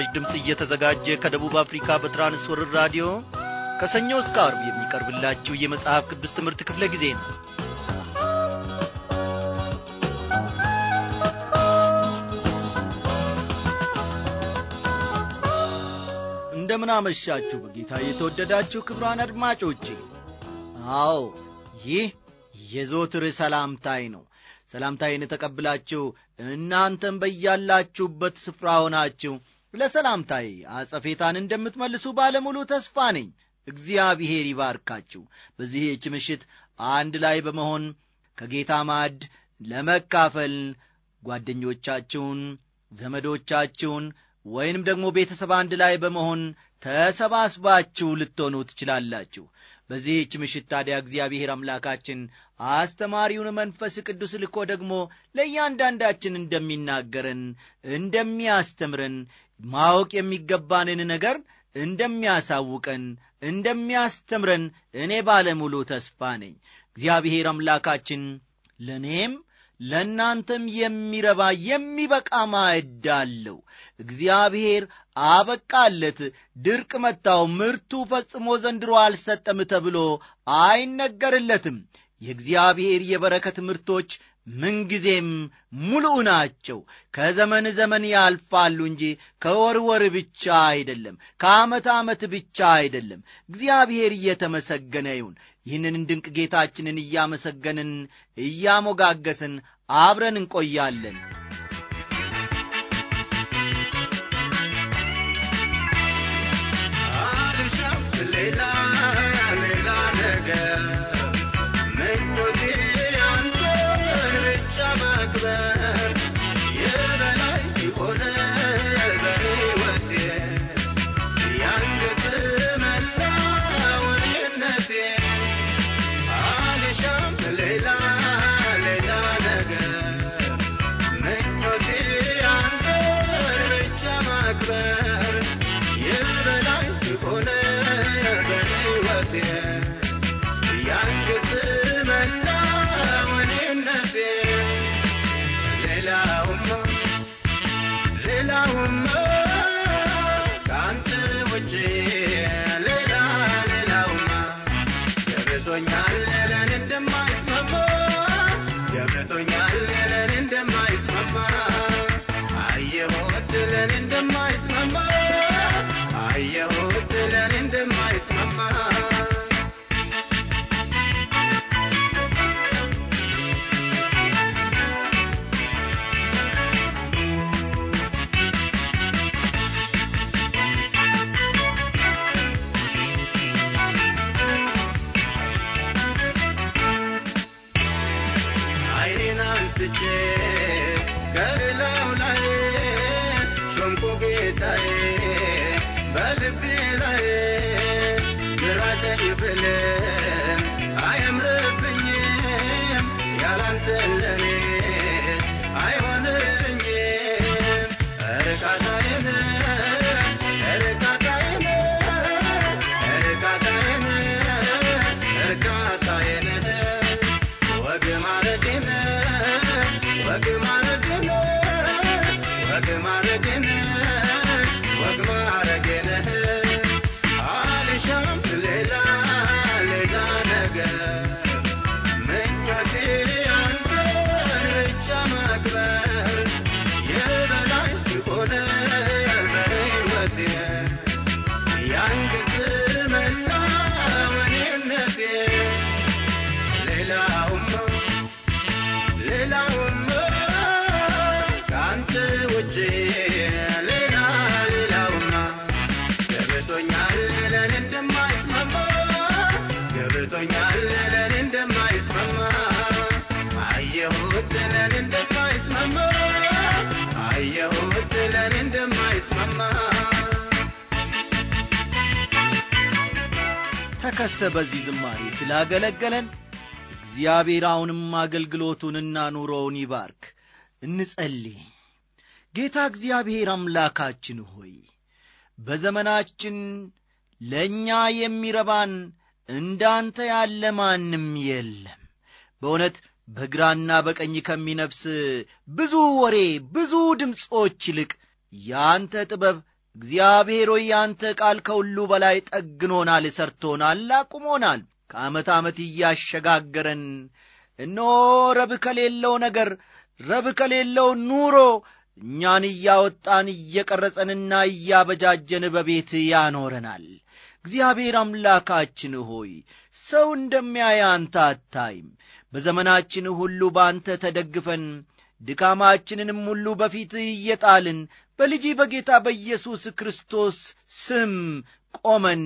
ለመስራች ድምፅ እየተዘጋጀ ከደቡብ አፍሪካ በትራንስወርር ራዲዮ ከሰኞ እስከ አርብ የሚቀርብላችሁ የመጽሐፍ ቅዱስ ትምህርት ክፍለ ጊዜ ነው እንደምን አመሻችሁ በጌታ የተወደዳችሁ ክብሯን አድማጮቼ አዎ ይህ የዞትር ሰላምታይ ነው ሰላምታይን ተቀብላችሁ እናንተም በያላችሁበት ስፍራ ሆናችሁ ለሰላምታዬ አጸፌታን እንደምትመልሱ ባለሙሉ ተስፋ ነኝ። እግዚአብሔር ይባርካችሁ። በዚህች ምሽት አንድ ላይ በመሆን ከጌታ ማዕድ ለመካፈል ጓደኞቻችሁን፣ ዘመዶቻችሁን ወይንም ደግሞ ቤተሰብ አንድ ላይ በመሆን ተሰባስባችሁ ልትሆኑ ትችላላችሁ። በዚህች ምሽት ታዲያ እግዚአብሔር አምላካችን አስተማሪውን መንፈስ ቅዱስ ልኮ ደግሞ ለእያንዳንዳችን እንደሚናገረን እንደሚያስተምረን ማወቅ የሚገባንን ነገር እንደሚያሳውቀን እንደሚያስተምረን እኔ ባለሙሉ ተስፋ ነኝ። እግዚአብሔር አምላካችን ለእኔም ለእናንተም የሚረባ የሚበቃ ማዕድ አለው። እግዚአብሔር አበቃለት፣ ድርቅ መታው፣ ምርቱ ፈጽሞ ዘንድሮ አልሰጠም ተብሎ አይነገርለትም። የእግዚአብሔር የበረከት ምርቶች ምንጊዜም ሙሉ ናቸው። ከዘመን ዘመን ያልፋሉ እንጂ ከወር ወር ብቻ አይደለም፣ ከዓመት ዓመት ብቻ አይደለም። እግዚአብሔር እየተመሰገነ ይሁን። ይህንን ድንቅ ጌታችንን እያመሰገንን እያሞጋገስን አብረን እንቆያለን። ተከስተ በዚህ ዝማሬ ስላገለገለን እግዚአብሔር አሁንም አገልግሎቱንና ኑሮውን ይባርክ እንጸልይ ጌታ እግዚአብሔር አምላካችን ሆይ በዘመናችን ለእኛ የሚረባን እንዳንተ ያለ ማንም የለም በእውነት በግራና በቀኝ ከሚነፍስ ብዙ ወሬ፣ ብዙ ድምፆች ይልቅ ያንተ ጥበብ እግዚአብሔር ሆይ ያንተ ቃል ከሁሉ በላይ ጠግኖናል፣ ሰርቶናል፣ አቁሞናል። ከዓመት ዓመት እያሸጋገረን እነሆ ረብ ከሌለው ነገር ረብ ከሌለው ኑሮ እኛን እያወጣን እየቀረጸንና እያበጃጀን በቤት ያኖረናል። እግዚአብሔር አምላካችን ሆይ ሰው እንደሚያይ አንተ አታይም። በዘመናችን ሁሉ በአንተ ተደግፈን ድካማችንንም ሁሉ በፊትህ እየጣልን በልጅ በጌታ በኢየሱስ ክርስቶስ ስም ቆመን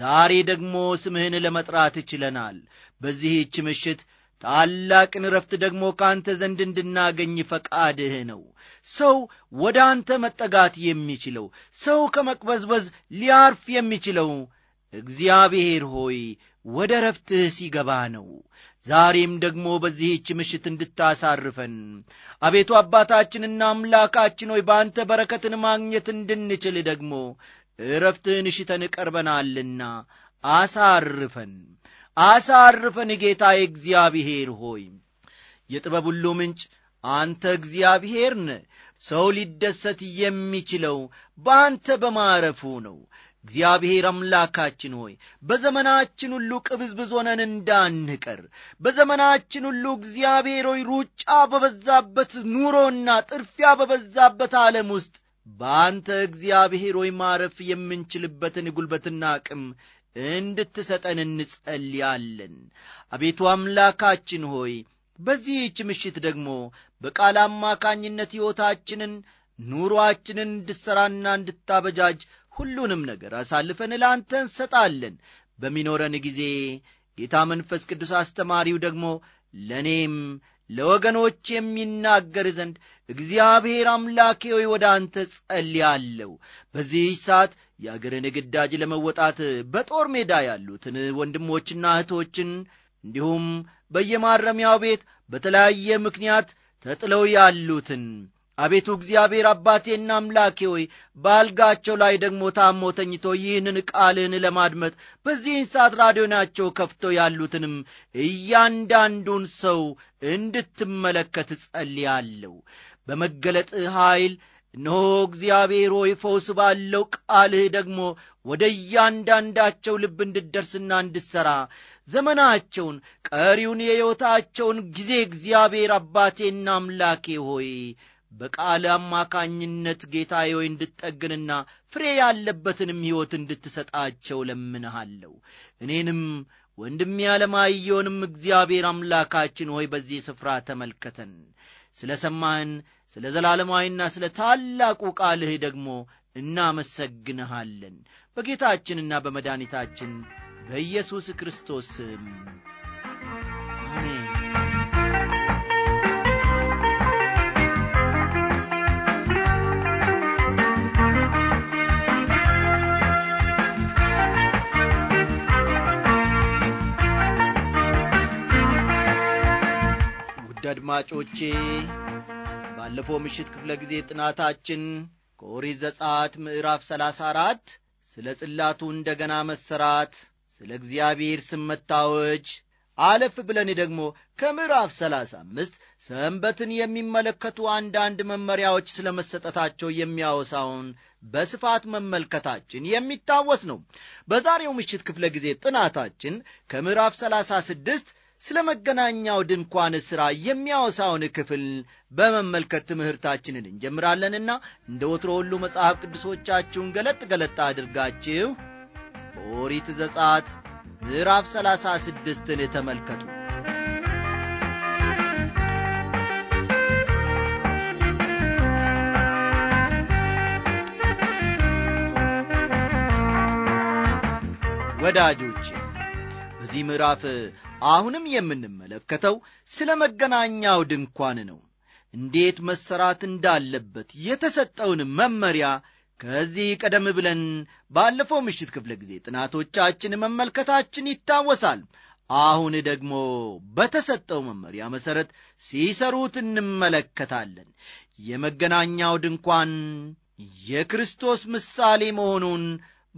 ዛሬ ደግሞ ስምህን ለመጥራት ችለናል። በዚህች ምሽት ታላቅን ረፍት ደግሞ ከአንተ ዘንድ እንድናገኝ ፈቃድህ ነው። ሰው ወደ አንተ መጠጋት የሚችለው ሰው ከመቅበዝበዝ ሊያርፍ የሚችለው እግዚአብሔር ሆይ ወደ ረፍትህ ሲገባ ነው። ዛሬም ደግሞ በዚህች ምሽት እንድታሳርፈን አቤቱ አባታችንና አምላካችን ሆይ በአንተ በረከትን ማግኘት እንድንችል ደግሞ እረፍትህን ሽተን ቀርበናልና አሳርፈን አሳርፈን ጌታ እግዚአብሔር ሆይ የጥበብ ሁሉ ምንጭ አንተ እግዚአብሔር ነ ሰው ሊደሰት የሚችለው በአንተ በማረፉ ነው። እግዚአብሔር አምላካችን ሆይ በዘመናችን ሁሉ ቅብዝብዝ ሆነን እንዳንቀር፣ በዘመናችን ሁሉ እግዚአብሔር ሆይ ሩጫ በበዛበት ኑሮና ጥርፊያ በበዛበት ዓለም ውስጥ በአንተ እግዚአብሔር ሆይ ማረፍ የምንችልበትን ጉልበትና አቅም እንድትሰጠን እንጸልያለን። አቤቱ አምላካችን ሆይ በዚህች ምሽት ደግሞ በቃል አማካኝነት ሕይወታችንን ኑሮአችንን እንድሠራና እንድታበጃጅ ሁሉንም ነገር አሳልፈን ለአንተ እንሰጣለን። በሚኖረን ጊዜ ጌታ መንፈስ ቅዱስ አስተማሪው ደግሞ ለእኔም ለወገኖች የሚናገር ዘንድ እግዚአብሔር አምላኬ ሆይ ወደ አንተ ጸልያለሁ። በዚህ ሰዓት የአገርን ግዳጅ ለመወጣት በጦር ሜዳ ያሉትን ወንድሞችና እህቶችን እንዲሁም በየማረሚያው ቤት በተለያየ ምክንያት ተጥለው ያሉትን አቤቱ እግዚአብሔር አባቴና አምላኬ ሆይ በአልጋቸው ላይ ደግሞ ታሞ ተኝቶ ይህንን ቃልን ለማድመጥ በዚህን ሰዓት ራዲዮናቸው ከፍቶ ያሉትንም እያንዳንዱን ሰው እንድትመለከት ጸልያለሁ። በመገለጥ ኀይል እነሆ እግዚአብሔር ሆይ ፈውስ ባለው ቃልህ ደግሞ ወደ እያንዳንዳቸው ልብ እንድደርስና እንድሠራ ዘመናቸውን ቀሪውን የሕይወታቸውን ጊዜ እግዚአብሔር አባቴና አምላኬ ሆይ በቃል አማካኝነት ጌታ ሆይ እንድጠግንና ፍሬ ያለበትንም ሕይወት እንድትሰጣቸው ለምንሃለሁ። እኔንም ወንድሜ እግዚአብሔር አምላካችን ሆይ በዚህ ስፍራ ተመልከተን። ስለ ሰማህን ስለ ዘላለማዊና ስለ ታላቁ ቃልህ ደግሞ እናመሰግንሃለን በጌታችንና በመድኒታችን በኢየሱስ ክርስቶስ ስም አድማጮቼ ባለፈው ምሽት ክፍለ ጊዜ ጥናታችን ከኦሪት ዘጸአት ምዕራፍ ሰላሳ አራት ስለ ጽላቱ እንደ ገና መሰራት ስለ እግዚአብሔር ስም መታወጅ አለፍ ብለን ደግሞ ከምዕራፍ ሰላሳ አምስት ሰንበትን የሚመለከቱ አንዳንድ መመሪያዎች ስለ መሰጠታቸው የሚያወሳውን በስፋት መመልከታችን የሚታወስ ነው። በዛሬው ምሽት ክፍለ ጊዜ ጥናታችን ከምዕራፍ ሰላሳ ስድስት ስለ መገናኛው ድንኳን ሥራ የሚያወሳውን ክፍል በመመልከት ትምህርታችንን እንጀምራለንና እንደ ወትሮ ሁሉ መጽሐፍ ቅዱሶቻችሁን ገለጥ ገለጥ አድርጋችሁ ኦሪት ዘጻት ምዕራፍ ሰላሳ ስድስትን ተመልከቱ። ወዳጆቼ በዚህ ምዕራፍ አሁንም የምንመለከተው ስለ መገናኛው ድንኳን ነው። እንዴት መሰራት እንዳለበት የተሰጠውን መመሪያ ከዚህ ቀደም ብለን ባለፈው ምሽት ክፍለ ጊዜ ጥናቶቻችን መመልከታችን ይታወሳል። አሁን ደግሞ በተሰጠው መመሪያ መሠረት ሲሰሩት እንመለከታለን። የመገናኛው ድንኳን የክርስቶስ ምሳሌ መሆኑን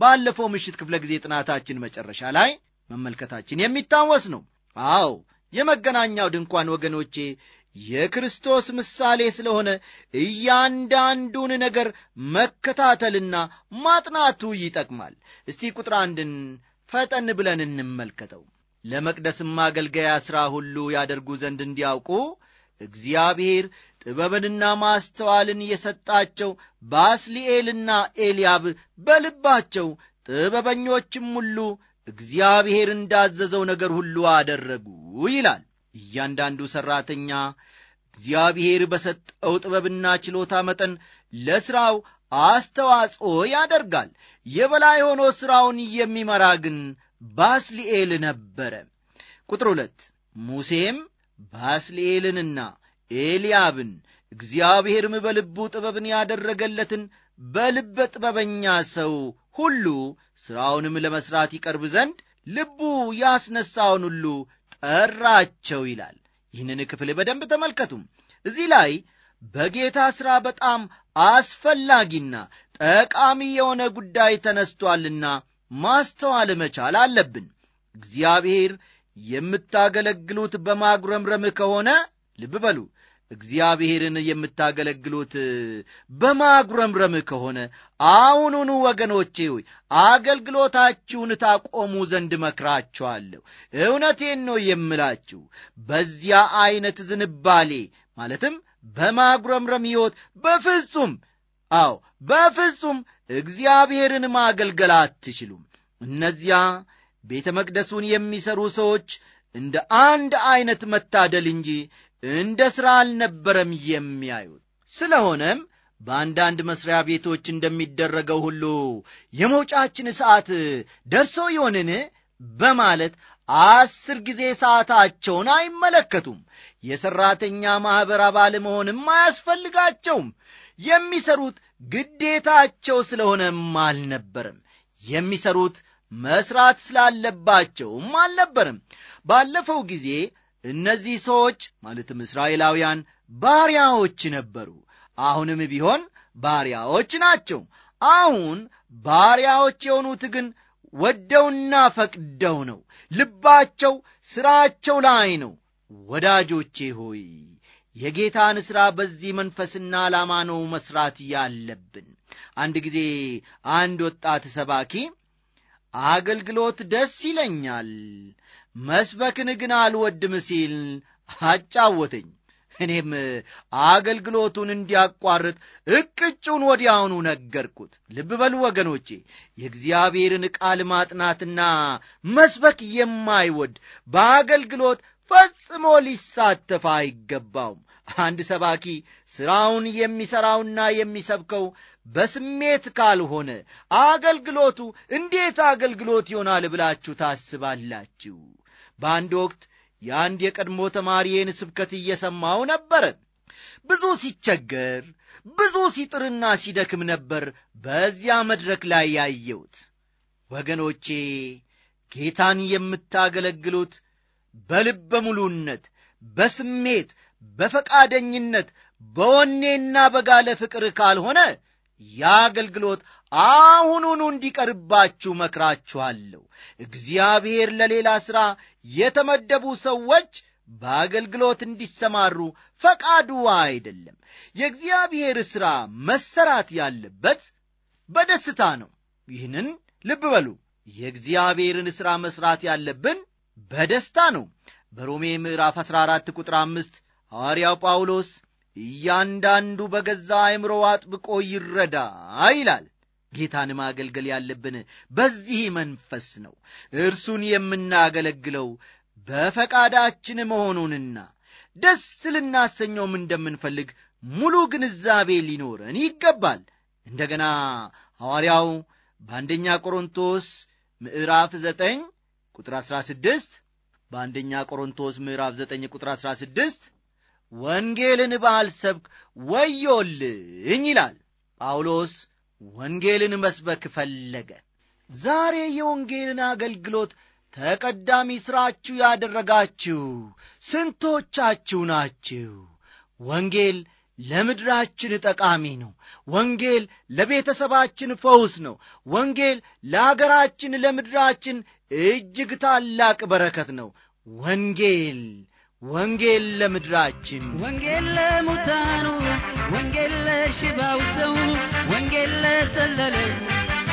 ባለፈው ምሽት ክፍለ ጊዜ ጥናታችን መጨረሻ ላይ መመልከታችን የሚታወስ ነው። አዎ የመገናኛው ድንኳን ወገኖቼ የክርስቶስ ምሳሌ ስለሆነ እያንዳንዱን ነገር መከታተልና ማጥናቱ ይጠቅማል። እስቲ ቁጥር አንድን ፈጠን ብለን እንመልከተው። ለመቅደስም ማገልገያ ሥራ ሁሉ ያደርጉ ዘንድ እንዲያውቁ እግዚአብሔር ጥበብንና ማስተዋልን የሰጣቸው ባስሊኤልና ኤልያብ በልባቸው ጥበበኞችም ሁሉ እግዚአብሔር እንዳዘዘው ነገር ሁሉ አደረጉ ይላል። እያንዳንዱ ሠራተኛ እግዚአብሔር በሰጠው ጥበብና ችሎታ መጠን ለሥራው አስተዋጽኦ ያደርጋል። የበላይ ሆኖ ሥራውን የሚመራ ግን ባስልኤል ነበረ። ቁጥር ሁለት ሙሴም ባስልኤልንና ኤልያብን እግዚአብሔርም በልቡ ጥበብን ያደረገለትን በልበ ጥበበኛ ሰው ሁሉ ሥራውንም ለመሥራት ይቀርብ ዘንድ ልቡ ያስነሣውን ሁሉ ጠራቸው ይላል። ይህንን ክፍል በደንብ ተመልከቱም። እዚህ ላይ በጌታ ሥራ በጣም አስፈላጊና ጠቃሚ የሆነ ጉዳይ ተነስቶአልና ማስተዋል መቻል አለብን። እግዚአብሔር የምታገለግሉት በማጉረምረም ከሆነ ልብ በሉ እግዚአብሔርን የምታገለግሉት በማጉረምረም ከሆነ አሁኑኑ ወገኖቼ ሆይ አገልግሎታችሁን ታቆሙ ዘንድ መክራችኋለሁ። እውነቴን ነው የምላችሁ። በዚያ ዐይነት ዝንባሌ ማለትም በማጉረምረም ሕይወት በፍጹም አዎ፣ በፍጹም እግዚአብሔርን ማገልገል አትችሉም። እነዚያ ቤተ መቅደሱን የሚሠሩ ሰዎች እንደ አንድ ዐይነት መታደል እንጂ እንደ ሥራ አልነበረም የሚያዩት። ስለሆነም በአንዳንድ መሥሪያ ቤቶች እንደሚደረገው ሁሉ የመውጫችን ሰዓት ደርሶ ይሆንን በማለት አስር ጊዜ ሰዓታቸውን አይመለከቱም። የሠራተኛ ማኅበር አባል መሆንም አያስፈልጋቸውም። የሚሰሩት ግዴታቸው ስለሆነም አልነበርም። የሚሰሩት መሥራት ስላለባቸውም አልነበርም። ባለፈው ጊዜ እነዚህ ሰዎች ማለትም እስራኤላውያን ባሪያዎች ነበሩ። አሁንም ቢሆን ባሪያዎች ናቸው። አሁን ባሪያዎች የሆኑት ግን ወደውና ፈቅደው ነው። ልባቸው ሥራቸው ላይ ነው። ወዳጆቼ ሆይ የጌታን ሥራ በዚህ መንፈስና ዓላማ ነው መሥራት ያለብን። አንድ ጊዜ አንድ ወጣት ሰባኪ አገልግሎት ደስ ይለኛል መስበክን ግን አልወድም ሲል አጫወተኝ። እኔም አገልግሎቱን እንዲያቋርጥ እቅጩን ወዲያውኑ ነገርኩት። ልብ በሉ ወገኖቼ፣ የእግዚአብሔርን ቃል ማጥናትና መስበክ የማይወድ በአገልግሎት ፈጽሞ ሊሳተፍ አይገባውም። አንድ ሰባኪ ሥራውን የሚሠራውና የሚሰብከው በስሜት ካልሆነ አገልግሎቱ እንዴት አገልግሎት ይሆናል ብላችሁ ታስባላችሁ? በአንድ ወቅት የአንድ የቀድሞ ተማሪዬን ስብከት እየሰማው ነበር። ብዙ ሲቸገር፣ ብዙ ሲጥርና ሲደክም ነበር በዚያ መድረክ ላይ ያየሁት። ወገኖቼ ጌታን የምታገለግሉት በልበ ሙሉነት፣ በስሜት፣ በፈቃደኝነት፣ በወኔና በጋለ ፍቅር ካልሆነ ያ አገልግሎት አሁኑኑ እንዲቀርባችሁ መክራችኋለሁ። እግዚአብሔር ለሌላ ሥራ የተመደቡ ሰዎች በአገልግሎት እንዲሰማሩ ፈቃዱ አይደለም። የእግዚአብሔር ሥራ መሰራት ያለበት በደስታ ነው። ይህንን ልብ በሉ። የእግዚአብሔርን ሥራ መሥራት ያለብን በደስታ ነው። በሮሜ ምዕራፍ 14 ቁጥር አምስት ሐዋርያው ጳውሎስ እያንዳንዱ በገዛ አእምሮ አጥብቆ ይረዳ ይላል። ጌታን ማገልገል ያለብን በዚህ መንፈስ ነው። እርሱን የምናገለግለው በፈቃዳችን መሆኑንና ደስ ልናሰኘውም እንደምንፈልግ ሙሉ ግንዛቤ ሊኖረን ይገባል። እንደገና ሐዋርያው በአንደኛ ቆሮንቶስ ምዕራፍ 9 ቁጥር 16 በአንደኛ ቆሮንቶስ ምዕራፍ 9 ቁጥር 16 ወንጌልን ባልሰብክ ወዮልኝ ይላል ጳውሎስ። ወንጌልን መስበክ ፈለገ። ዛሬ የወንጌልን አገልግሎት ተቀዳሚ ሥራችሁ ያደረጋችሁ ስንቶቻችሁ ናችሁ? ወንጌል ለምድራችን ጠቃሚ ነው። ወንጌል ለቤተሰባችን ፈውስ ነው። ወንጌል ለአገራችን፣ ለምድራችን እጅግ ታላቅ በረከት ነው። ወንጌል ወንጌል ለምድራችን ወንጌል ለሙታኑ ወንጌል ለሽባው ሰው ወንጌል ለሰለለ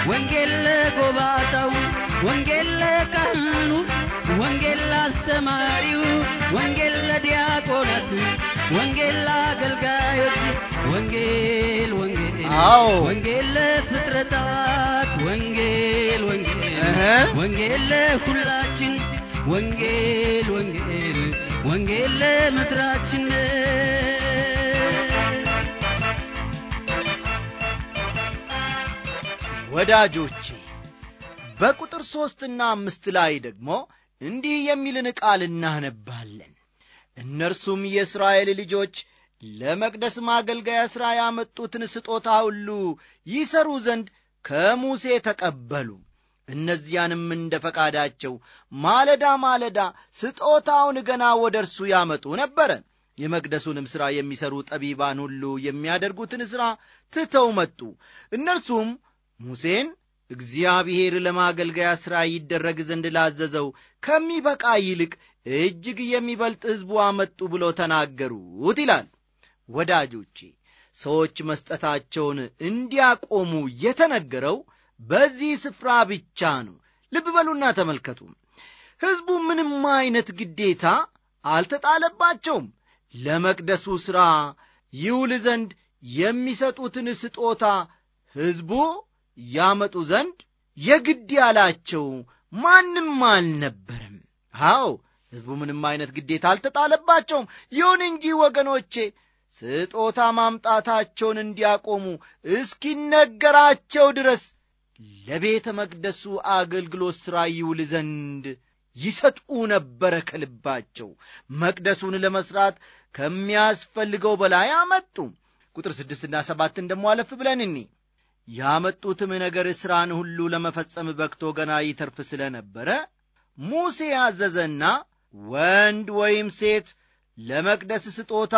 ወንጌል ለጎባጣው ወንጌል ለካህኑ ወንጌል ለአስተማሪው ወንጌል ለዲያቆናት ወንጌል ለአገልጋዮች ወንጌል ወንጌል አዎ ወንጌል ለፍጥረታት ወንጌል ወንጌል ወንጌል ለሁላችን ወንጌል ወንጌል ወንጌል ለምድራችን ወዳጆቼ በቁጥር ሦስትና አምስት ላይ ደግሞ እንዲህ የሚልን ቃል እናነባለን። እነርሱም የእስራኤል ልጆች ለመቅደስ ማገልገያ ሥራ ያመጡትን ስጦታ ሁሉ ይሰሩ ዘንድ ከሙሴ ተቀበሉ እነዚያንም እንደ ፈቃዳቸው ማለዳ ማለዳ ስጦታውን ገና ወደ እርሱ ያመጡ ነበረ። የመቅደሱንም ሥራ የሚሠሩ ጠቢባን ሁሉ የሚያደርጉትን ሥራ ትተው መጡ። እነርሱም ሙሴን እግዚአብሔር ለማገልገያ ሥራ ይደረግ ዘንድ ላዘዘው ከሚበቃ ይልቅ እጅግ የሚበልጥ ሕዝቡ አመጡ ብሎ ተናገሩት ይላል። ወዳጆቼ ሰዎች መስጠታቸውን እንዲያቆሙ የተነገረው በዚህ ስፍራ ብቻ ነው። ልብ በሉና ተመልከቱ። ሕዝቡ ምንም አይነት ግዴታ አልተጣለባቸውም። ለመቅደሱ ሥራ ይውል ዘንድ የሚሰጡትን ስጦታ ሕዝቡ ያመጡ ዘንድ የግድ ያላቸው ማንም አልነበረም። አዎ ሕዝቡ ምንም አይነት ግዴታ አልተጣለባቸውም። ይሁን እንጂ ወገኖቼ ስጦታ ማምጣታቸውን እንዲያቆሙ እስኪነገራቸው ድረስ ለቤተ መቅደሱ አገልግሎት ሥራ ይውል ዘንድ ይሰጡ ነበረ። ከልባቸው መቅደሱን ለመሥራት ከሚያስፈልገው በላይ አመጡ። ቁጥር ስድስትና ሰባትን ደሞ አለፍ ብለን እኒ ያመጡትም ነገር ሥራን ሁሉ ለመፈጸም በቅቶ ገና ይተርፍ ስለ ነበረ ሙሴ አዘዘና ወንድ ወይም ሴት ለመቅደስ ስጦታ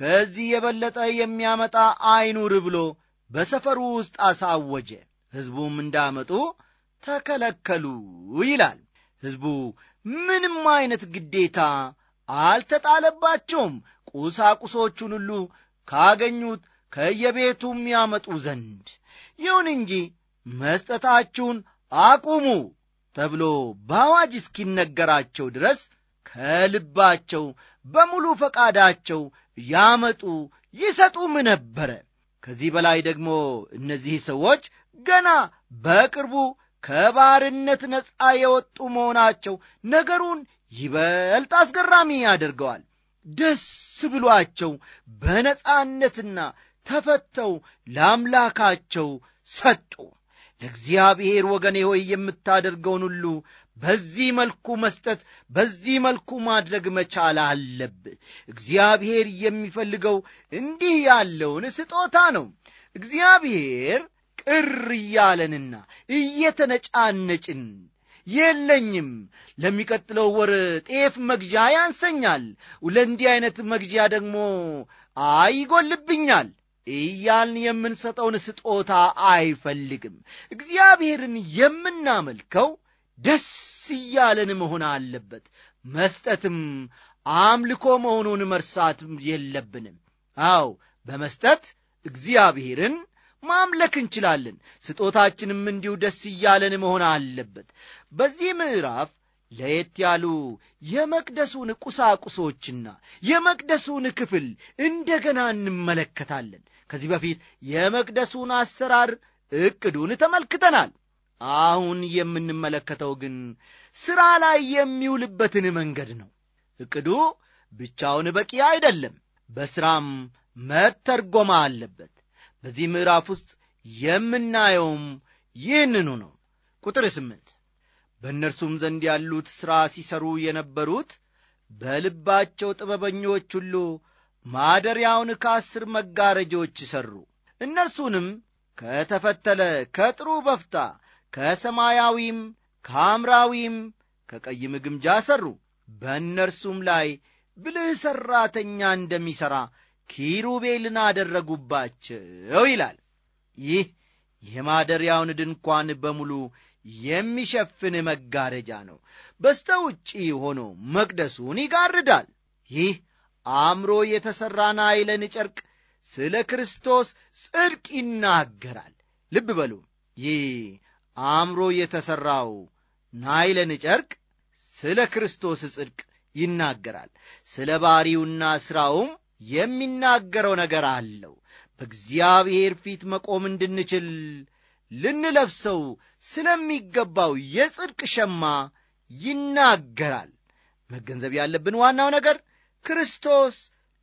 ከዚህ የበለጠ የሚያመጣ አይኑር ብሎ በሰፈሩ ውስጥ አሳወጀ። ሕዝቡም እንዳመጡ ተከለከሉ ይላል። ሕዝቡ ምንም አይነት ግዴታ አልተጣለባቸውም ቁሳቁሶቹን ሁሉ ካገኙት ከየቤቱም ያመጡ ዘንድ። ይሁን እንጂ መስጠታችሁን አቁሙ ተብሎ በአዋጅ እስኪነገራቸው ድረስ ከልባቸው በሙሉ ፈቃዳቸው ያመጡ ይሰጡም ነበረ። ከዚህ በላይ ደግሞ እነዚህ ሰዎች ገና በቅርቡ ከባርነት ነፃ የወጡ መሆናቸው ነገሩን ይበልጥ አስገራሚ ያደርገዋል። ደስ ብሏቸው በነፃነትና ተፈተው ለአምላካቸው ሰጡ። ለእግዚአብሔር ወገኔ ሆይ የምታደርገውን ሁሉ በዚህ መልኩ መስጠት፣ በዚህ መልኩ ማድረግ መቻል አለብህ። እግዚአብሔር የሚፈልገው እንዲህ ያለውን ስጦታ ነው። እግዚአብሔር እር እያለንና እየተነጫነጭን የለኝም፣ ለሚቀጥለው ወር ጤፍ መግዣ ያንሰኛል፣ ለእንዲህ አይነት መግዣ ደግሞ አይጎልብኛል ይጎልብኛል እያልን የምንሰጠውን ስጦታ አይፈልግም። እግዚአብሔርን የምናመልከው ደስ እያለን መሆን አለበት። መስጠትም አምልኮ መሆኑን መርሳት የለብንም። አው በመስጠት እግዚአብሔርን ማምለክ እንችላለን። ስጦታችንም እንዲሁ ደስ እያለን መሆን አለበት። በዚህ ምዕራፍ ለየት ያሉ የመቅደሱን ቁሳቁሶችና የመቅደሱን ክፍል እንደገና እንመለከታለን። ከዚህ በፊት የመቅደሱን አሰራር ዕቅዱን ተመልክተናል። አሁን የምንመለከተው ግን ሥራ ላይ የሚውልበትን መንገድ ነው። ዕቅዱ ብቻውን በቂ አይደለም፣ በሥራም መተርጎማ አለበት። በዚህ ምዕራፍ ውስጥ የምናየውም ይህንኑ ነው። ቁጥር ስምንት በእነርሱም ዘንድ ያሉት ሥራ ሲሠሩ የነበሩት በልባቸው ጥበበኞች ሁሉ ማደሪያውን ከአስር መጋረጆች ሠሩ። እነርሱንም ከተፈተለ ከጥሩ በፍታ ከሰማያዊም ከሐምራዊም ከቀይም ግምጃ ሠሩ። በእነርሱም ላይ ብልህ ሠራተኛ እንደሚሠራ ኪሩቤልን አደረጉባቸው ይላል። ይህ የማደሪያውን ድንኳን በሙሉ የሚሸፍን መጋረጃ ነው። በስተ ውጪ ሆኖ መቅደሱን ይጋርዳል። ይህ አእምሮ የተሠራን አይለን ጨርቅ ስለ ክርስቶስ ጽድቅ ይናገራል። ልብ በሉ፣ ይህ አእምሮ የተሠራው ናይለን ጨርቅ ስለ ክርስቶስ ጽድቅ ይናገራል። ስለ ባሪውና ሥራውም የሚናገረው ነገር አለው። በእግዚአብሔር ፊት መቆም እንድንችል ልንለብሰው ስለሚገባው የጽድቅ ሸማ ይናገራል። መገንዘብ ያለብን ዋናው ነገር ክርስቶስ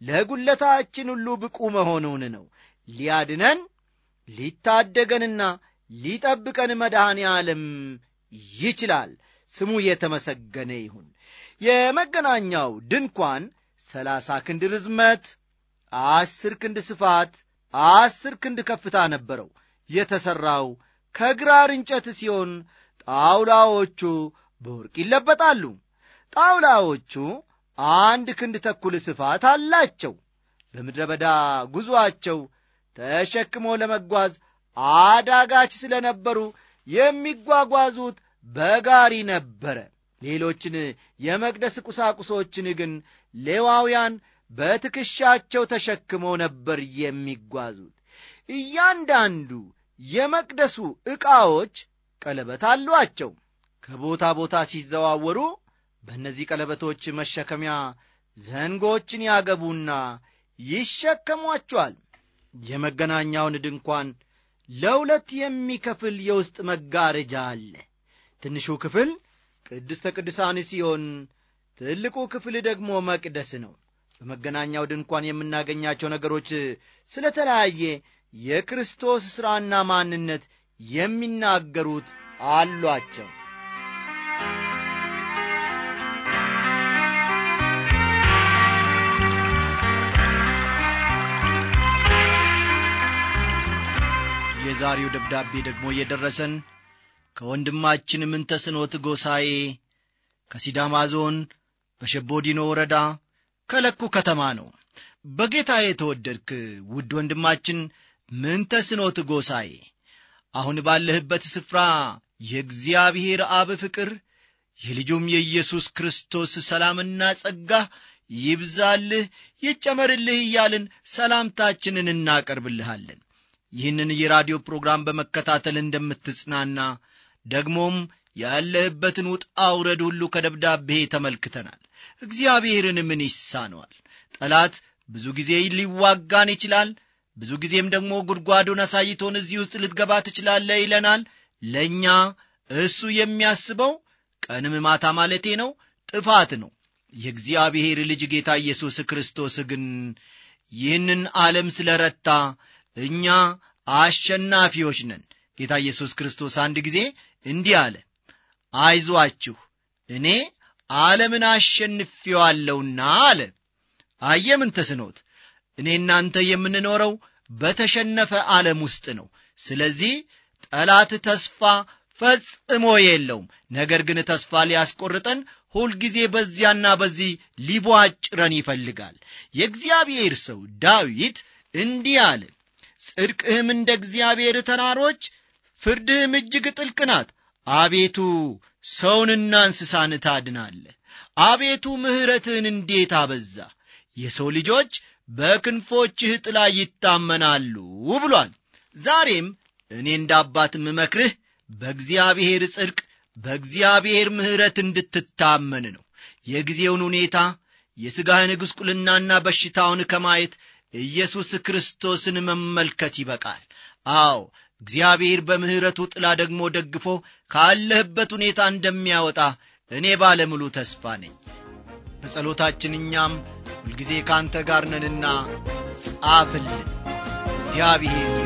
ለጉለታችን ሁሉ ብቁ መሆኑን ነው። ሊያድነን ሊታደገንና ሊጠብቀን መድኃኔ ዓለም ይችላል። ስሙ የተመሰገነ ይሁን። የመገናኛው ድንኳን ሰላሳ ክንድ ርዝመት፣ አስር ክንድ ስፋት፣ አስር ክንድ ከፍታ ነበረው። የተሠራው ከግራር እንጨት ሲሆን ጣውላዎቹ በወርቅ ይለበጣሉ። ጣውላዎቹ አንድ ክንድ ተኩል ስፋት አላቸው። በምድረ በዳ ጉዞአቸው ተሸክሞ ለመጓዝ አዳጋች ስለነበሩ የሚጓጓዙት በጋሪ ነበረ። ሌሎችን የመቅደስ ቁሳቁሶችን ግን ሌዋውያን በትከሻቸው ተሸክመው ነበር የሚጓዙት። እያንዳንዱ የመቅደሱ ዕቃዎች ቀለበት አሏቸው። ከቦታ ቦታ ሲዘዋወሩ በእነዚህ ቀለበቶች መሸከሚያ ዘንጎችን ያገቡና ይሸከሟቸዋል። የመገናኛውን ድንኳን ለሁለት የሚከፍል የውስጥ መጋረጃ አለ። ትንሹ ክፍል ቅድስተ ቅዱሳን ሲሆን ትልቁ ክፍል ደግሞ መቅደስ ነው። በመገናኛው ድንኳን የምናገኛቸው ነገሮች ስለተለያየ የክርስቶስ ሥራና ማንነት የሚናገሩት አሏቸው። የዛሬው ደብዳቤ ደግሞ የደረሰን ከወንድማችን ምንተስኖት ጎሳዬ ከሲዳማ ዞን በሸቦዲኖ ወረዳ ከለኩ ከተማ ነው። በጌታ የተወደድክ ውድ ወንድማችን ምንተስኖት ጎሳዬ አሁን ባለህበት ስፍራ የእግዚአብሔር አብ ፍቅር የልጁም የኢየሱስ ክርስቶስ ሰላምና ጸጋ ይብዛልህ ይጨመርልህ እያልን ሰላምታችንን እናቀርብልሃለን። ይህንን የራዲዮ ፕሮግራም በመከታተል እንደምትጽናና ደግሞም ያለህበትን ውጣ ውረድ ሁሉ ከደብዳቤ ተመልክተናል። እግዚአብሔርን ምን ይሳነዋል? ጠላት ብዙ ጊዜ ሊዋጋን ይችላል። ብዙ ጊዜም ደግሞ ጉድጓዱን አሳይቶን እዚህ ውስጥ ልትገባ ትችላለህ ይለናል። ለእኛ እሱ የሚያስበው ቀንም ማታ ማለቴ ነው ጥፋት ነው። የእግዚአብሔር ልጅ ጌታ ኢየሱስ ክርስቶስ ግን ይህንን ዓለም ስለ ረታ እኛ አሸናፊዎች ነን። ጌታ ኢየሱስ ክርስቶስ አንድ ጊዜ እንዲህ አለ አይዟችሁ እኔ ዓለምን አሸንፌዋለውና አለ አየ ምን ተስኖት እኔ እናንተ የምንኖረው በተሸነፈ ዓለም ውስጥ ነው ስለዚህ ጠላት ተስፋ ፈጽሞ የለውም ነገር ግን ተስፋ ሊያስቆርጠን ሁልጊዜ በዚያና በዚህ ሊቧጭረን ይፈልጋል የእግዚአብሔር ሰው ዳዊት እንዲህ አለ ጽድቅህም እንደ እግዚአብሔር ተራሮች ፍርድህም እጅግ ጥልቅ ናት አቤቱ ሰውንና እንስሳን ታድናለህ። አቤቱ ምሕረትህን እንዴት አበዛ! የሰው ልጆች በክንፎችህ ጥላ ይታመናሉ ብሏል። ዛሬም እኔ እንደ አባት ምመክርህ በእግዚአብሔር ጽድቅ፣ በእግዚአብሔር ምሕረት እንድትታመን ነው። የጊዜውን ሁኔታ ንግሥ ቁልናና በሽታውን ከማየት ኢየሱስ ክርስቶስን መመልከት ይበቃል። አዎ እግዚአብሔር በምሕረቱ ጥላ ደግሞ ደግፎ ካለህበት ሁኔታ እንደሚያወጣ እኔ ባለሙሉ ተስፋ ነኝ። በጸሎታችን እኛም ሁልጊዜ ካንተ ጋር ነንና ጻፍልን እግዚአብሔር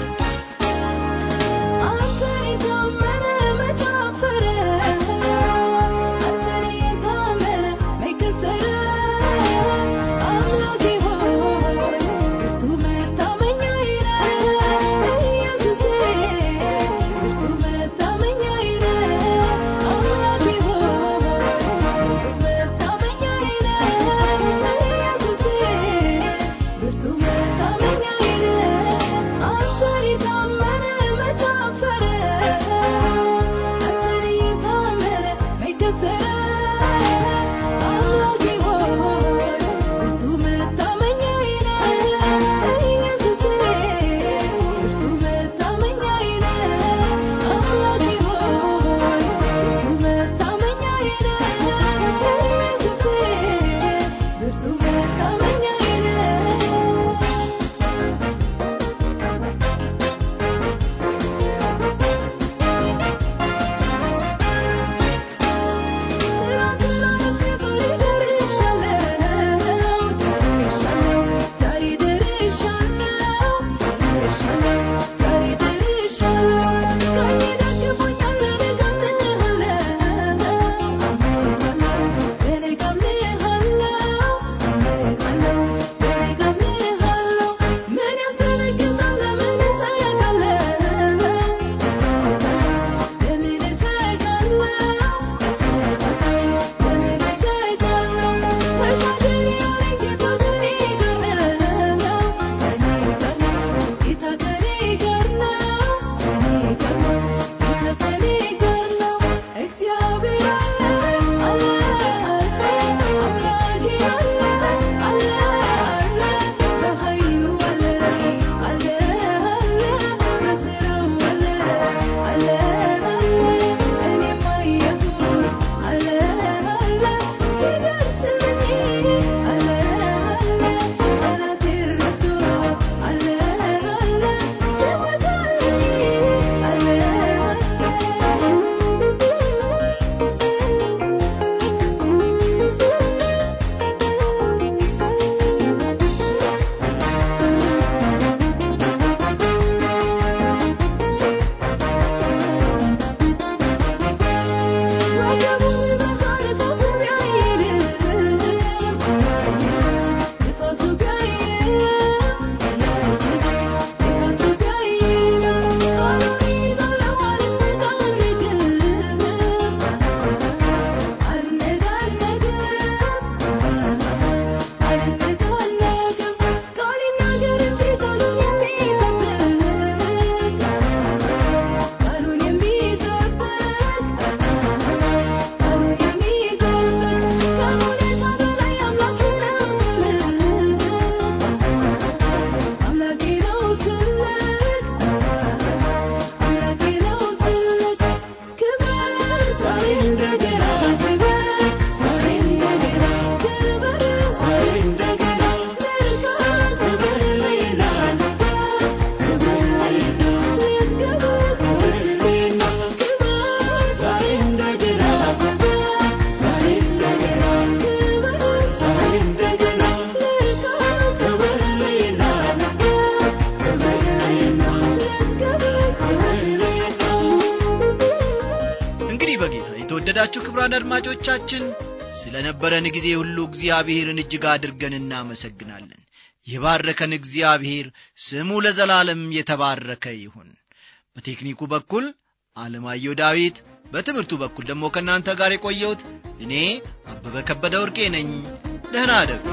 የተወደዳችሁ ክብራን አድማጮቻችን ስለ ነበረን ጊዜ ሁሉ እግዚአብሔርን እጅግ አድርገን እናመሰግናለን የባረከን እግዚአብሔር ስሙ ለዘላለም የተባረከ ይሁን በቴክኒኩ በኩል አለማየሁ ዳዊት በትምህርቱ በኩል ደግሞ ከእናንተ ጋር የቆየሁት እኔ አበበ ከበደ ወርቄ ነኝ ደህና አደሩ